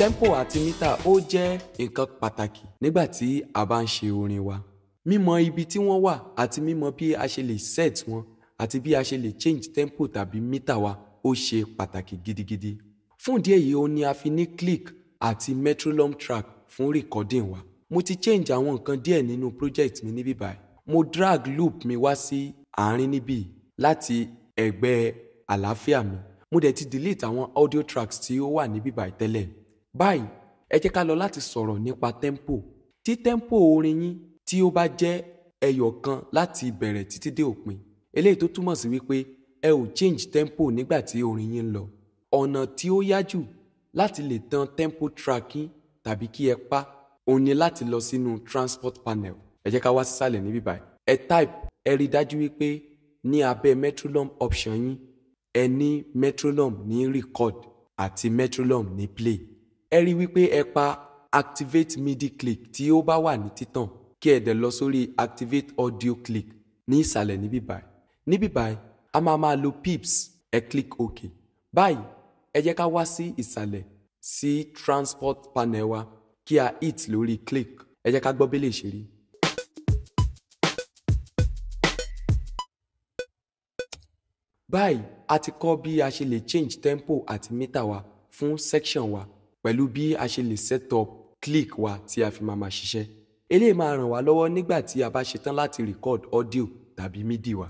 tempo àti mítà ó jẹ́ nǹkan pàtàkì nígbà tí a bá ń ṣe orin wa mímọ ibi tí wọ́n wà àti mímọ bí a ṣe lè set wọn àti bí a ṣe lè change tempo tàbí mítà wa ó ṣe pàtàkì gidigidi fún ìdí èyí ó ní a fi ní click àti metronome track fún recording wa mo ti change àwọn nǹkan díẹ̀ nínú project mi níbí báyìí mo drag loop mi wá sí àárín níbí láti ẹ̀gbẹ́ àlàáfíà mi mo dẹ̀ ti delete àwọn audio tracks tí ó wà níbí báyìí tẹ́lẹ̀ báyìí ẹ jẹ́ ká lọ láti sọ̀rọ̀ nípa tempo tí tempo orin yín tí ó bá jẹ́ ẹyọ kan láti ìbẹ̀rẹ̀ títí dé òpin eléyìí tó túmọ̀ sí wípé ẹ ò change tempo nígbà tí orin yín ń lọ ọ̀nà tí ó yá jù láti lè tan tempo tracking yín tàbí kí ẹ pa òun ni láti lọ sínú transport panel ẹ jẹ́ ká wá sísàlẹ̀ níbí báyìí ẹ type ẹ rí dájú wípé ní abẹ́ metronome option yín ẹ ní metronome ní record àti metronome ní play ẹ rí wípé ẹ pa activate midi click tí ó bá wà ní títàn kí ẹ dẹ̀ lọ sórí activate audio click ní ìsàlẹ̀ níbí báyìí níbí báyìí a máa máa lo pips ẹ e click ok báyìí ẹ jẹ́ ká wá sí ìsàlẹ̀ sí transport panel wa kí a hit lórí click ẹ jẹ́ ká gbọ́ bí lè ṣe rí. báyìí a ti kọ́ bí a ṣe lè change tempo àti meter wa fún section wa pẹ̀lú bí a ṣe lè set up click wa tí a fi máa máa ṣiṣẹ́ eléyìí máa ràn wá lọ́wọ́ nígbà tí a bá ṣetán láti record audio tàbí midi wa.